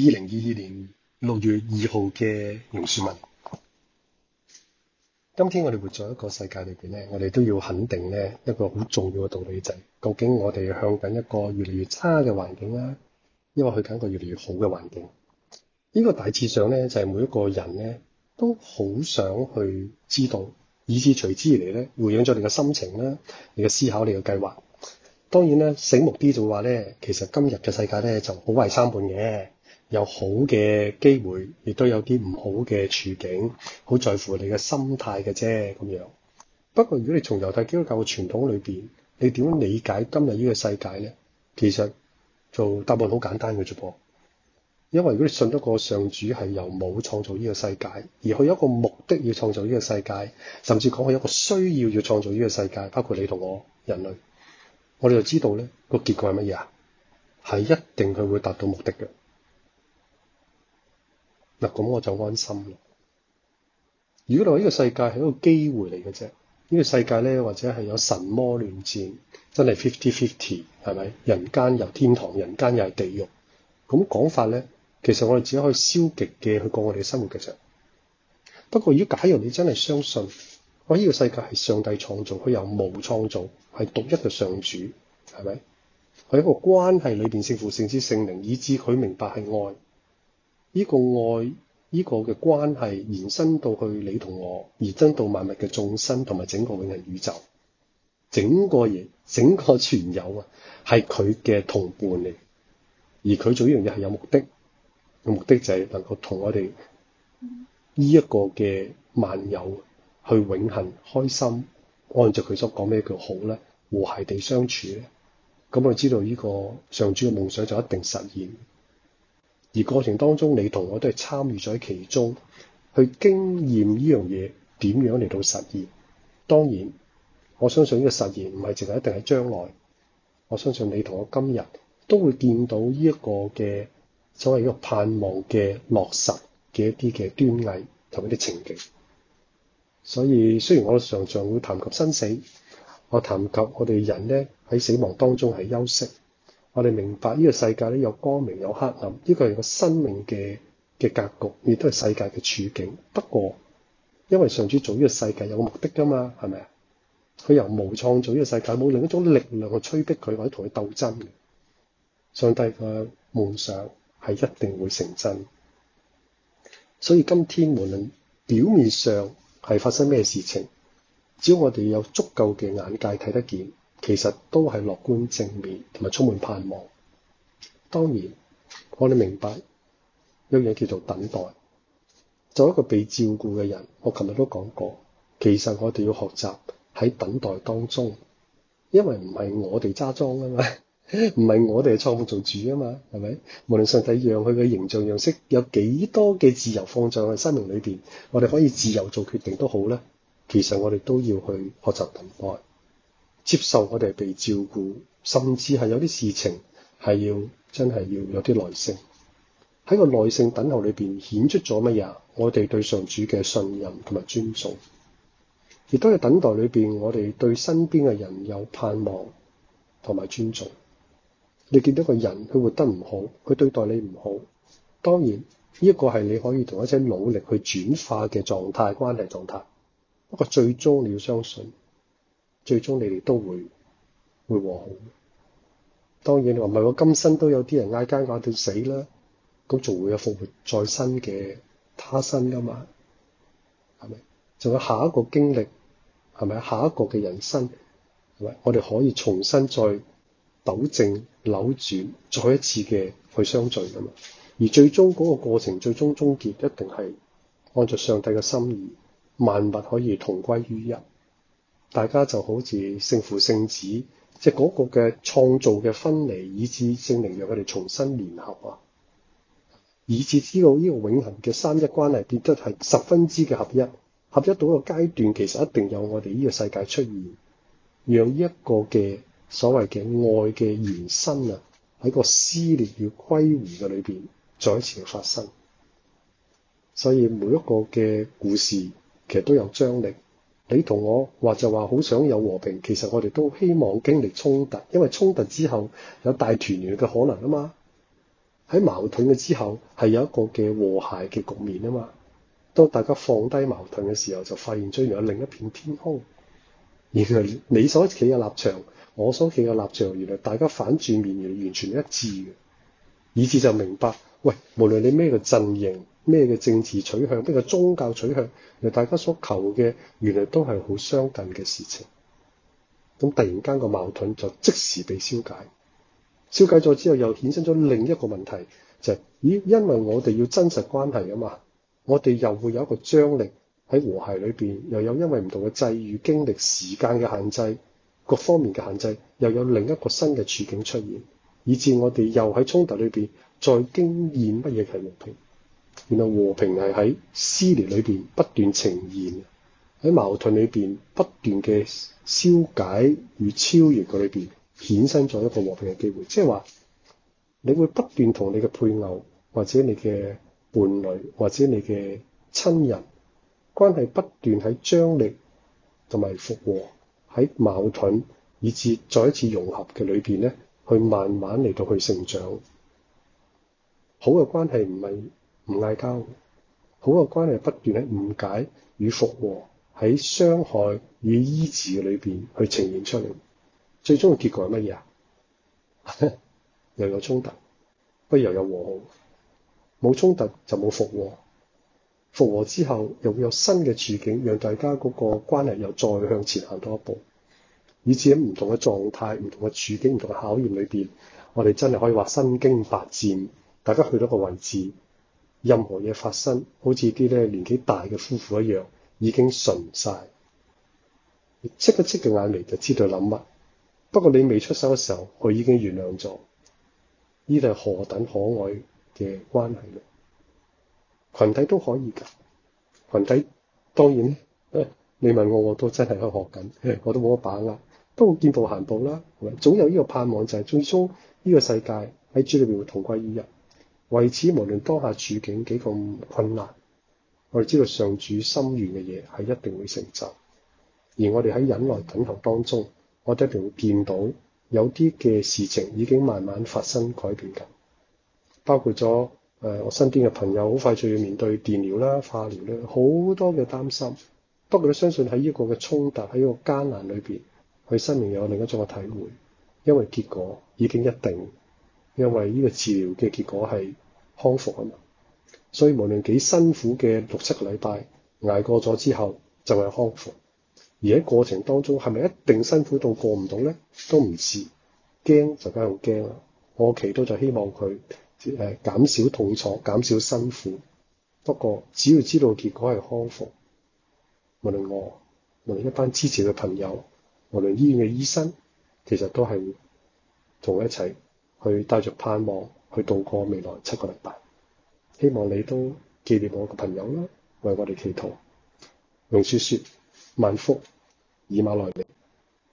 二零二二年六月二號嘅龍樹文。今天我哋活在一個世界裏邊咧，我哋都要肯定咧一個好重要嘅道理，就係、是、究竟我哋向緊一個越嚟越差嘅環境啦，亦或去緊一個越嚟越好嘅環境？呢、這個大致上咧就係每一個人咧都好想去知道，以至隨之而嚟咧，會影響咗你嘅心情啦，你嘅思考，你嘅計劃。當然咧，醒目啲就會話咧，其實今日嘅世界咧就好壞參半嘅。有好嘅機會，亦都有啲唔好嘅處境，好在乎你嘅心態嘅啫咁樣。不過，如果你從猶太基督教嘅傳統裏邊，你點樣理解今日呢個世界呢？其實做答案好簡單嘅啫噃，因為如果你信得過上主係由冇創造呢個世界，而佢有一個目的要創造呢個世界，甚至講佢有一個需要要創造呢個世界，包括你同我人類，我哋就知道呢個結果係乜嘢啊？係一定佢會達到目的嘅。嗱，咁我就安心啦。如果你話呢個世界係一個機會嚟嘅啫，呢、呢個世界咧或者係有神魔亂戰，真係 fifty fifty，係咪？人間又天堂，人間又係地獄，咁講法咧，其實我哋只可以消極嘅去過我哋嘅生活嘅啫。不過如果假如你真係相信，我呢、呢個世界係上帝創造，佢又無創造，係獨一嘅上主，係咪？喺一個關係裏邊，聖父聖子聖靈，以致佢明白係愛。呢個愛，呢、這個嘅關係延伸到去你同我，而真到萬物嘅眾生同埋整個永恆宇宙，整個嘢，整個全有啊，係佢嘅同伴嚟，而佢做呢樣嘢係有目的，個目的就係能夠同我哋呢一個嘅萬有去永恆開心，按照佢所講咩叫好咧，和諧地相處咧，咁我知道呢個上主嘅夢想就一定實現。而過程當中，你同我都係參與咗其中，去經驗呢樣嘢點樣嚟到實現。當然，我相信呢個實現唔係淨係一定係將來。我相信你同我今日都會見到呢一個嘅所謂一個盼望嘅落實嘅一啲嘅端倪同一啲情景。所以雖然我常常會談及生死，我談及我哋人咧喺死亡當中係休息。我哋明白呢個世界咧有光明有黑暗，呢、這個係個生命嘅嘅格局，亦都係世界嘅處境。不過，因為上主做呢個世界有個目的噶嘛，係咪啊？佢由無創造呢個世界，冇另一種力量去催逼佢或者同佢鬥爭嘅。上帝嘅夢想係一定會成真。所以今天無論表面上係發生咩事情，只要我哋有足夠嘅眼界睇得見。其實都係樂觀正面，同埋充滿盼望。當然，我哋明白，有嘢叫做等待。作為一個被照顧嘅人，我琴日都講過，其實我哋要學習喺等待當中，因為唔係我哋揸莊啊嘛，唔 係我哋係創造主啊嘛，係咪？無論上帝讓佢嘅形象樣式有幾多嘅自由放在我生命裏邊，我哋可以自由做決定都好咧，其實我哋都要去學習等待。接受我哋被照顧，甚至係有啲事情係要真係要有啲耐性。喺個耐性等候裏邊顯出咗乜嘢？我哋對上主嘅信任同埋尊重，亦都係等待裏邊我哋對身邊嘅人有盼望同埋尊重。你見到個人佢活得唔好，佢對待你唔好，當然呢一，這個係你可以同一些努力去轉化嘅狀態關係狀態。不過最終你要相信。最終你哋都會會和好。當然話唔係，我今生都有啲人嗌交搞到死啦，咁仲會有復活再生嘅他生噶嘛？係咪？仲有下一個經歷，係咪？下一個嘅人生，係咪？我哋可以重新再糾正扭轉，再一次嘅去相聚噶嘛？而最終嗰個過程最終終結，一定係按照上帝嘅心意，萬物可以同歸於一。大家就好似聖父、聖子，即係嗰個嘅創造嘅分離，以致聖靈讓佢哋重新聯合啊！以致知道呢個永恒嘅三一關係變得係十分之嘅合一，合一到一個階段，其實一定有我哋呢個世界出現，讓呢一個嘅所謂嘅愛嘅延伸啊，喺個撕裂與歸回嘅裏邊再一次嘅發生。所以每一個嘅故事其實都有張力。你同我話就話好想有和平，其實我哋都希望經歷衝突，因為衝突之後有大團圓嘅可能啊嘛。喺矛盾嘅之後係有一個嘅和諧嘅局面啊嘛。當大家放低矛盾嘅時候，就發現出嚟有另一片天空。原來你所企嘅立場，我所企嘅立場，原來大家反轉面原來完全一致嘅，以致就明白。喂，無論你咩嘅陣營、咩嘅政治取向、咩嘅宗教取向，大家所求嘅，原來都係好相近嘅事情。咁突然間個矛盾就即時被消解，消解咗之後又衍生咗另一個問題，就係、是、咦，因為我哋要真實關係啊嘛，我哋又會有一個張力喺和諧裏邊，又有因為唔同嘅際遇、經歷、時間嘅限制、各方面嘅限制，又有另一個新嘅處境出現，以致我哋又喺衝突裏邊。再經驗乜嘢係和平，原來和平係喺撕裂裏邊不斷呈現，喺矛盾裏邊不斷嘅消解與超越嘅裏邊衍生咗一個和平嘅機會。即係話，你會不斷同你嘅配偶或者你嘅伴侶或者你嘅親人關係不斷喺張力同埋復和喺矛盾，以至再一次融合嘅裏邊咧，去慢慢嚟到去成長。好嘅關係唔係唔嗌交，好嘅關係不斷喺誤解與復和喺傷害與醫治嘅裏邊去呈現出嚟。最終嘅結果係乜嘢啊？ 又有衝突，不過又有和好。冇衝突就冇復和，復和之後又會有新嘅處境，讓大家嗰個關係又再向前行多一步。以至喺唔同嘅狀態、唔同嘅處境、唔同嘅考驗裏邊，我哋真係可以話身經百戰。大家去到個位置，任何嘢發生，好似啲咧年紀大嘅夫婦一樣，已經順晒。睅一睅嘅眼眉就知道諗乜。不過你未出手嘅時候，佢已經原諒咗，呢度係何等可愛嘅關係咧？羣體都可以㗎，群體，群體當然咧。你問我，我都真係喺學緊，我都冇乜把握，都見步行步啦。總有呢個盼望，就係最終呢個世界喺主裏邊會同歸於一。為此，無論當下處境幾咁困難，我哋知道上主心願嘅嘢係一定會成就。而我哋喺忍耐等候當中，我哋一定會見到有啲嘅事情已經慢慢發生改變緊，包括咗誒、呃、我身邊嘅朋友好快就要面對電療啦、化療啦，好多嘅擔心。不過都相信喺呢個嘅衝突、喺呢個艱難裏邊，佢生命有另一種嘅體會，因為結果已經一定。因為呢個治療嘅結果係康復吖嘛，所以無論幾辛苦嘅六七個禮拜捱過咗之後，就係康復。而喺過程當中係咪一定辛苦到過唔到咧？都唔知，驚就梗係好驚啦。我祈禱就希望佢誒減少痛楚，減少辛苦。不過只要知道結果係康復，無論我，無論一班支持嘅朋友，無論醫院嘅醫生，其實都係同我一齊。去帶着盼望去度過未來七個禮拜，希望你都紀念我個朋友啦，為我哋祈禱。用說說，萬福以馬內利。